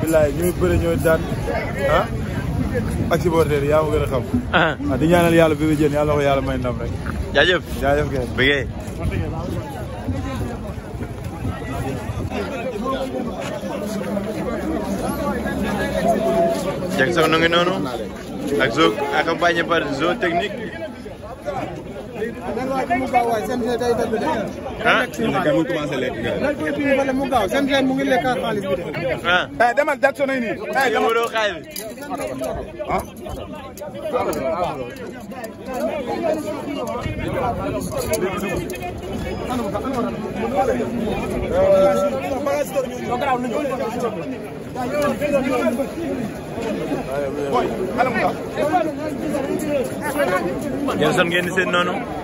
billaay ñooy bëre ñooy daan ah ak supporter yaa ma gën a xam. Uh-huh. ah di ñaanal yàlla Bébé Diène yàlla na ko yàlla may ndam rek. jaajëf jaajëf kay bëggee. Jackson nu ngi noonu ak zo accompagné par zo technique. ah mu ngi commencé lekk nga. ah demal Jackson ay nii. ay ah, demal ah. Jackson ngeen di seen noonu.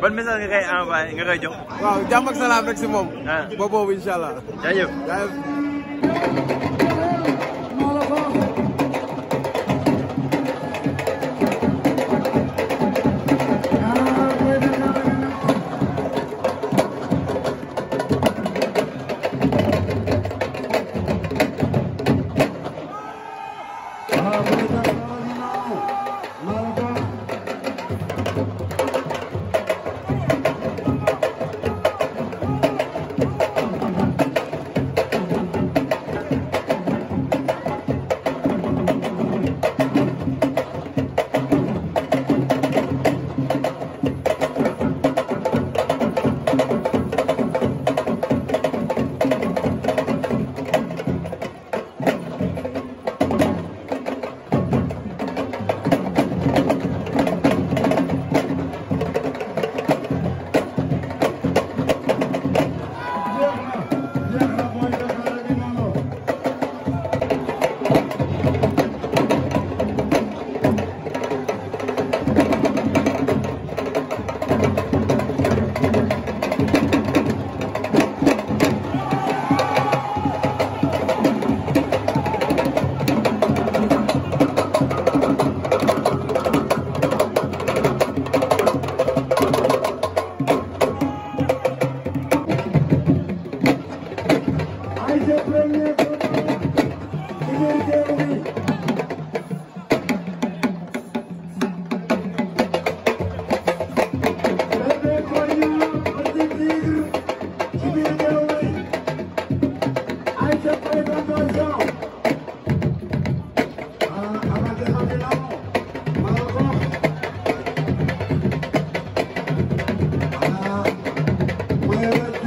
ban message nga koy envoyé nga koy jox. waaw jàmm ak salaam moom. Ah. ba boobu incha allah. Well,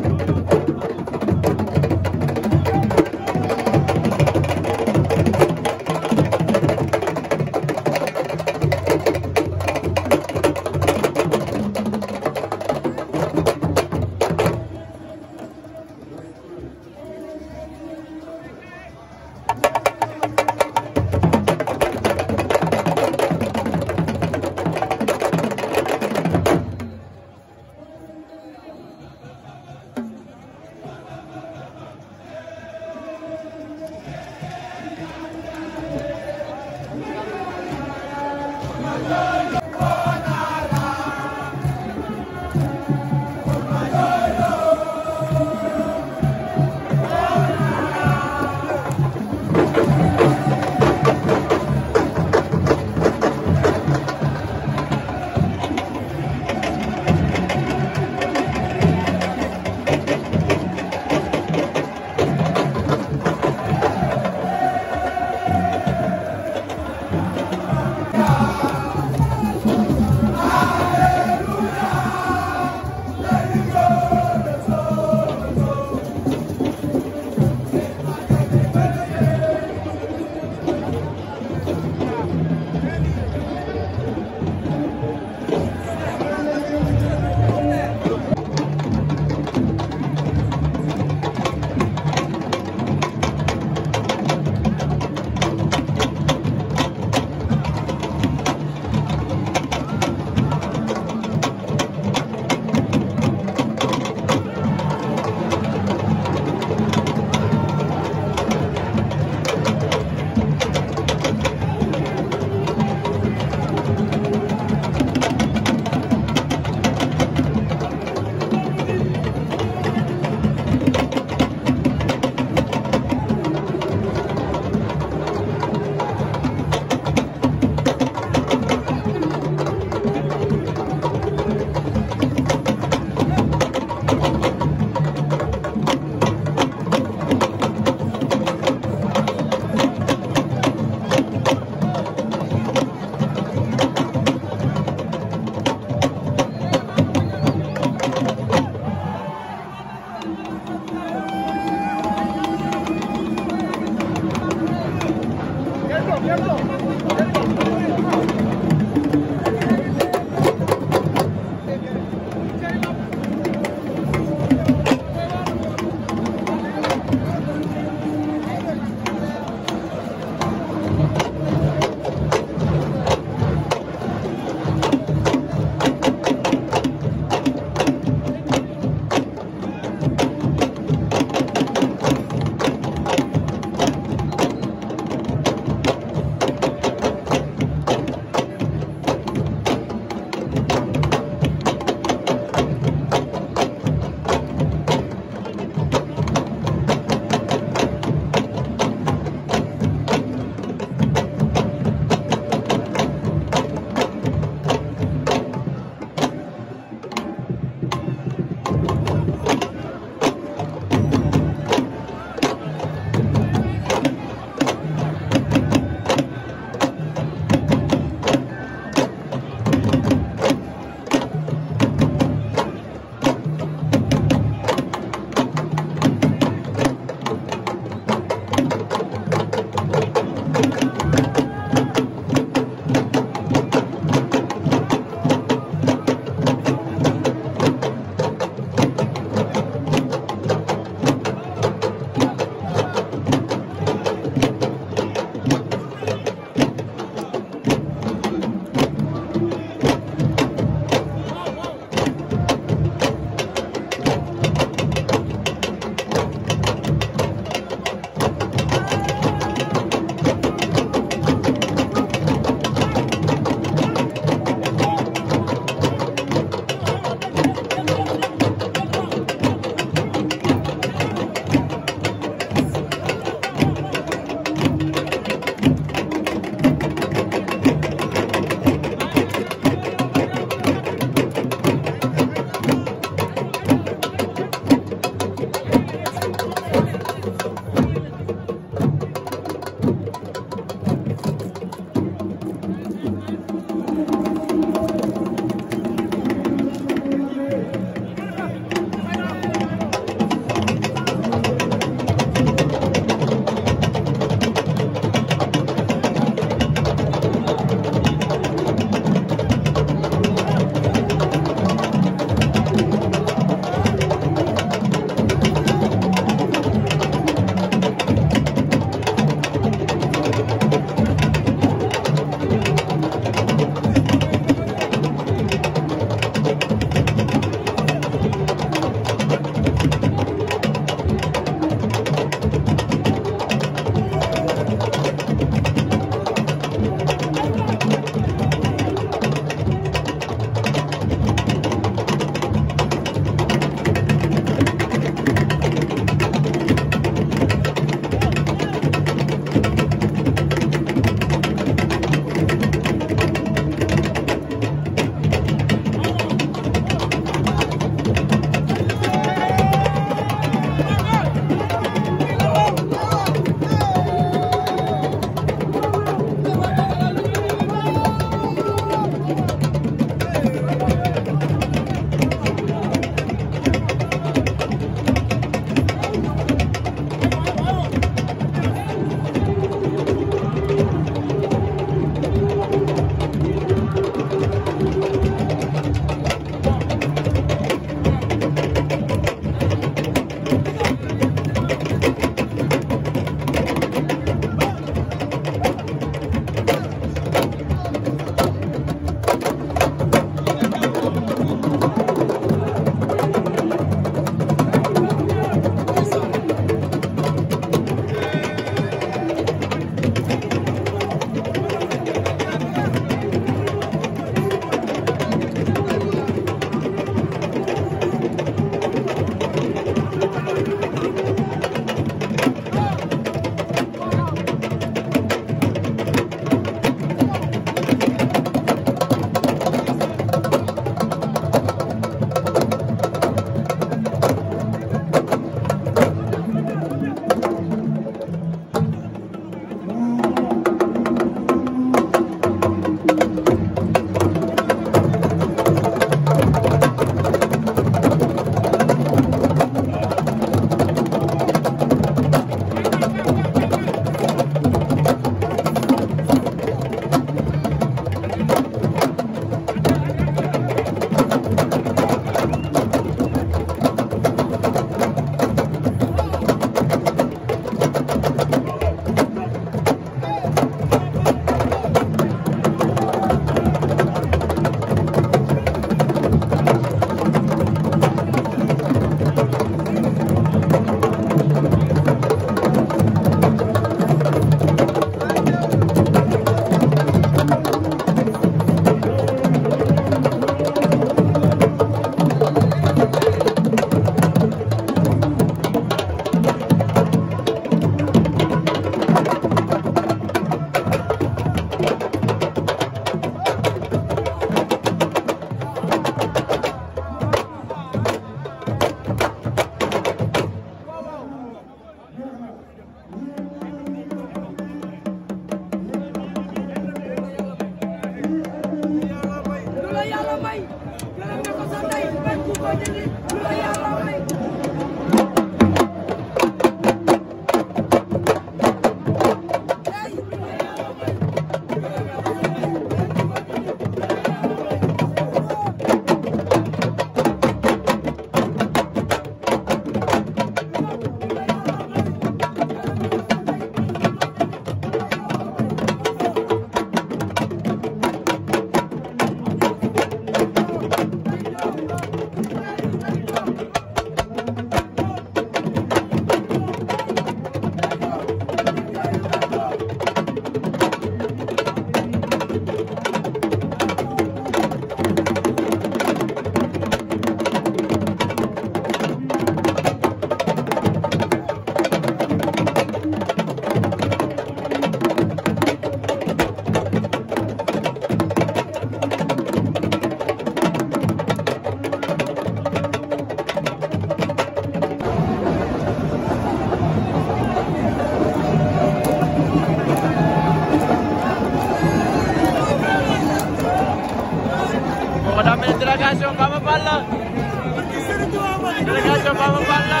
mais délégation Baba Fall la délégation Baba Fall la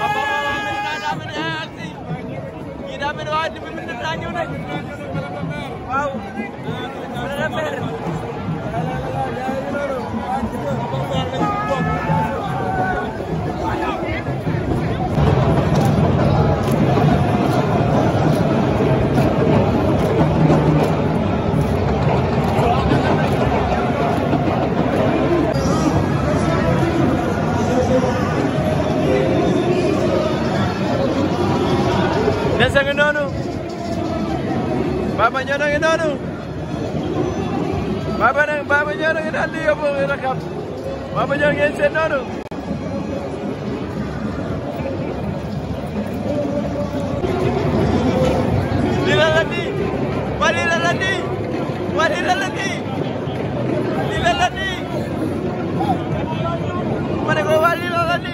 Baba Fall la mel naa daa mel ni ay aksi ñii daa mel ni waa depuis mille neuf cent ñëw nañ waaw le maire sa ang inono. Baba nyo ng inono. Baba ng baba nyo ng inono. Hindi ka po irakap. Baba nyo ng inono. inono. Nilalandi. Walilalandi. Walilalandi. Nilalandi. Mana kau walilalandi?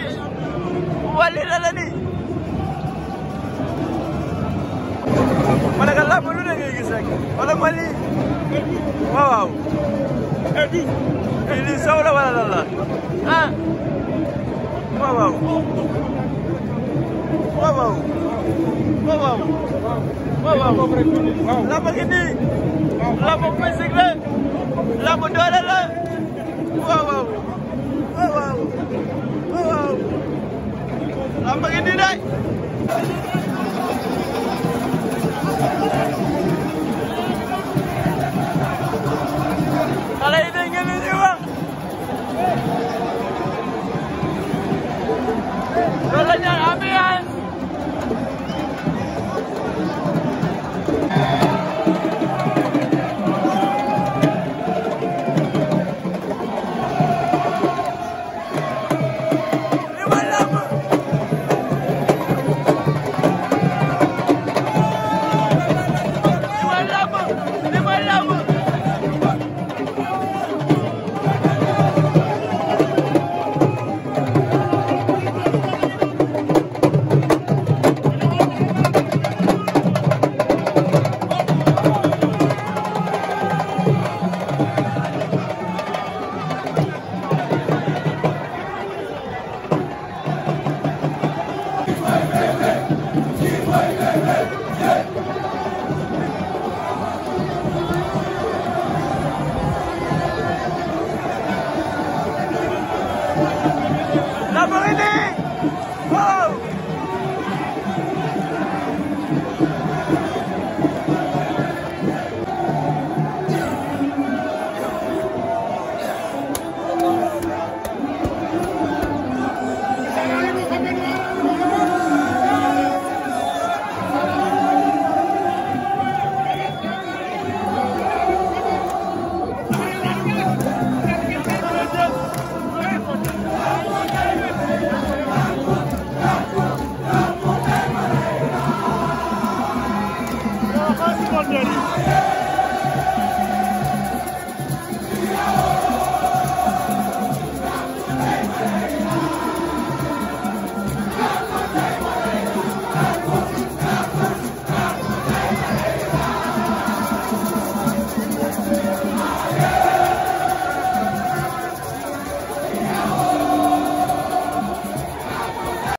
malaka làmb lu ne ngay gis rek wala ma lii waaw waaw lii lii ah wow wow wow wow wow wow waaw làmb gi nii làmb physique la làmb doole la wow wow wow waaw waaw làmb Thank you.